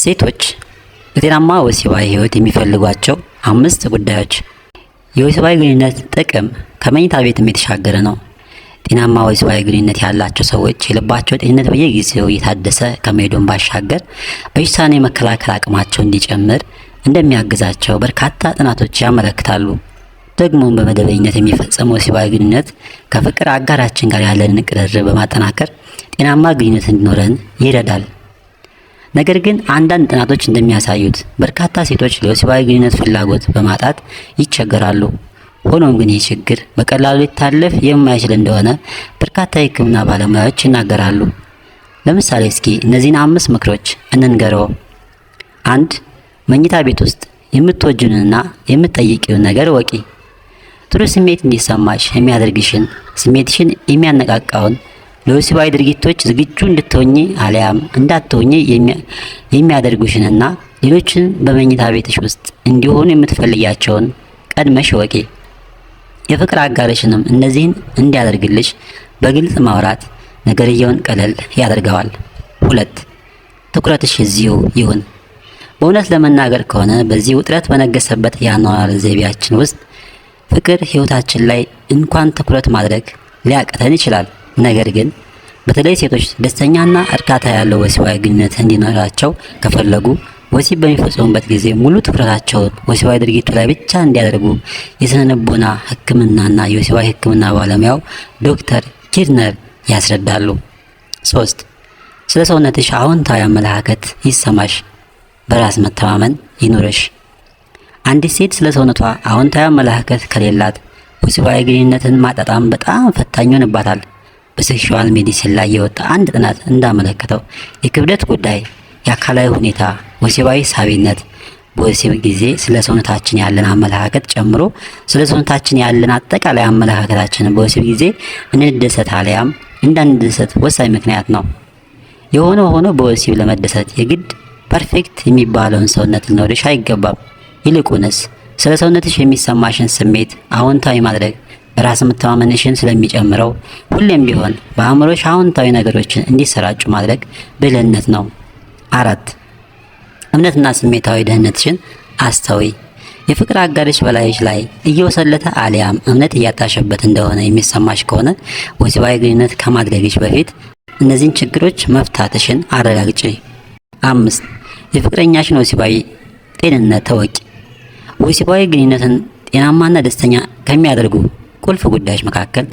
ሴቶች በጤናማ ወሲባዊ ህይወት የሚፈልጓቸው አምስት ጉዳዮች። የወሲባዊ ግንኙነት ጥቅም ከመኝታ ቤትም የተሻገረ ነው። ጤናማ ወሲባዊ ግንኙነት ያላቸው ሰዎች የልባቸው ጤንነት በየጊዜው እየታደሰ ከመሄዱን ባሻገር በሽታን የመከላከል አቅማቸው እንዲጨምር እንደሚያግዛቸው በርካታ ጥናቶች ያመለክታሉ። ደግሞም በመደበኝነት የሚፈጸመው ወሲባዊ ግንኙነት ከፍቅር አጋራችን ጋር ያለንን ቅርርብ በማጠናከር ጤናማ ግንኙነት እንዲኖረን ይረዳል። ነገር ግን አንዳንድ ጥናቶች እንደሚያሳዩት በርካታ ሴቶች ለወሲባዊ ግንኙነት ፍላጎት በማጣት ይቸገራሉ። ሆኖም ግን ይህ ችግር በቀላሉ ሊታለፍ የማይችል እንደሆነ በርካታ የሕክምና ባለሙያዎች ይናገራሉ። ለምሳሌ እስኪ እነዚህን አምስት ምክሮች እንንገረው። አንድ መኝታ ቤት ውስጥ የምትወጅንና የምትጠይቂውን ነገር ወቂ። ጥሩ ስሜት እንዲሰማሽ የሚያደርግሽን ስሜትሽን የሚያነቃቃውን ለወሲባዊ ድርጊቶች ዝግጁ እንድትሆኚ አሊያም እንዳትሆኚ የሚያደርጉሽንና ሌሎችን በመኝታ ቤትሽ ውስጥ እንዲሆኑ የምትፈልጊያቸውን ቀድመሽ ወቂ። የፍቅር አጋርሽንም እነዚህን እንዲያደርግልሽ በግልጽ ማውራት ነገርየውን ቀለል ያደርገዋል። ሁለት ትኩረትሽ እዚሁ ይሁን። በእውነት ለመናገር ከሆነ በዚህ ውጥረት በነገሰበት የአኗኗር ዘይቤያችን ውስጥ ፍቅር ሕይወታችን ላይ እንኳን ትኩረት ማድረግ ሊያቅተን ይችላል። ነገር ግን በተለይ ሴቶች ደስተኛና እርካታ ያለው ወሲባዊ ግንኙነት እንዲኖራቸው ከፈለጉ ወሲብ በሚፈጽሙበት ጊዜ ሙሉ ትኩረታቸውን ወሲባዊ ድርጊቱ ላይ ብቻ እንዲያደርጉ የስነልቦና ሕክምናና የወሲባዊ ሕክምና ባለሙያው ዶክተር ኪርነር ያስረዳሉ። ሶስት ስለ ሰውነትሽ አዎንታዊ አመለካከት ይሰማሽ፣ በራስ መተማመን ይኑርሽ። አንዲት ሴት ስለ ሰውነቷ አዎንታዊ አመለካከት ከሌላት ወሲባዊ ግንኙነትን ማጣጣም በጣም ፈታኝ ይሆንባታል። በሴክሹዋል ሜዲሲን ላይ የወጣ አንድ ጥናት እንዳመለከተው የክብደት ጉዳይ፣ የአካላዊ ሁኔታ፣ ወሲባዊ ሳቢነት፣ በወሲብ ጊዜ ስለ ሰውነታችን ያለን አመለካከት ጨምሮ ስለ ሰውነታችን ያለን አጠቃላይ አመለካከታችን በወሲብ ጊዜ እንደደሰት አለያም እንዳንደሰት ወሳኝ ምክንያት ነው። የሆነ ሆኖ በወሲብ ለመደሰት የግድ ፐርፌክት የሚባለውን ሰውነት ልኖርሽ አይገባም። ይልቁንስ ስለ ሰውነትሽ የሚሰማሽን ስሜት አዎንታዊ ማድረግ ራስ መተማመንሽን ስለሚጨምረው ሁሌም ቢሆን በአእምሮሽ አዎንታዊ ነገሮችን እንዲሰራጩ ማድረግ ብልህነት ነው። አራት እምነትና ስሜታዊ ደህንነትሽን አስተዊ የፍቅር አጋርሽ በላይሽ ላይ እየወሰለተ አሊያም እምነት እያጣሸበት እንደሆነ የሚሰማሽ ከሆነ ወሲባዊ ግንኙነት ከማድረግሽ በፊት እነዚህን ችግሮች መፍታትሽን አረጋግጪ። አምስት የፍቅረኛሽን ወሲባዊ ጤንነት ተወቂ። ወሲባዊ ግንኙነትን ጤናማና ደስተኛ ከሚያደርጉ ቁልፍ ጉዳዮች መካከል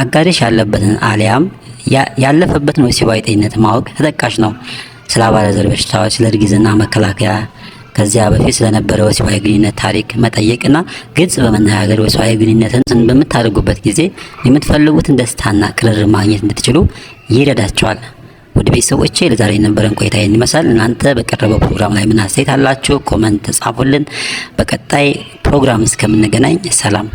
አጋደሽ ያለበትን አሊያም ያለፈበትን ወሲባዊ ጤንነት ማወቅ ተጠቃሽ ነው። ስለ አባለዘር በሽታዎች፣ ስለ እርግዝና መከላከያ፣ ከዚያ በፊት ስለነበረ ወሲባዊ ግንኙነት ታሪክ መጠየቅና ግልጽ በመነጋገር ወሲባዊ ግንኙነትን በምታደርጉበት ጊዜ የምትፈልጉትን ደስታና ክርር ማግኘት እንድትችሉ ይረዳቸዋል። ውድ ቤተሰቦቼ ለዛሬ የነበረን ቆይታ ይህን ይመስላል። እናንተ በቀረበው ፕሮግራም ላይ ምን አስተያየት አላችሁ? ኮመንት ጻፉልን። በቀጣይ ፕሮግራም እስከምንገናኝ ሰላም።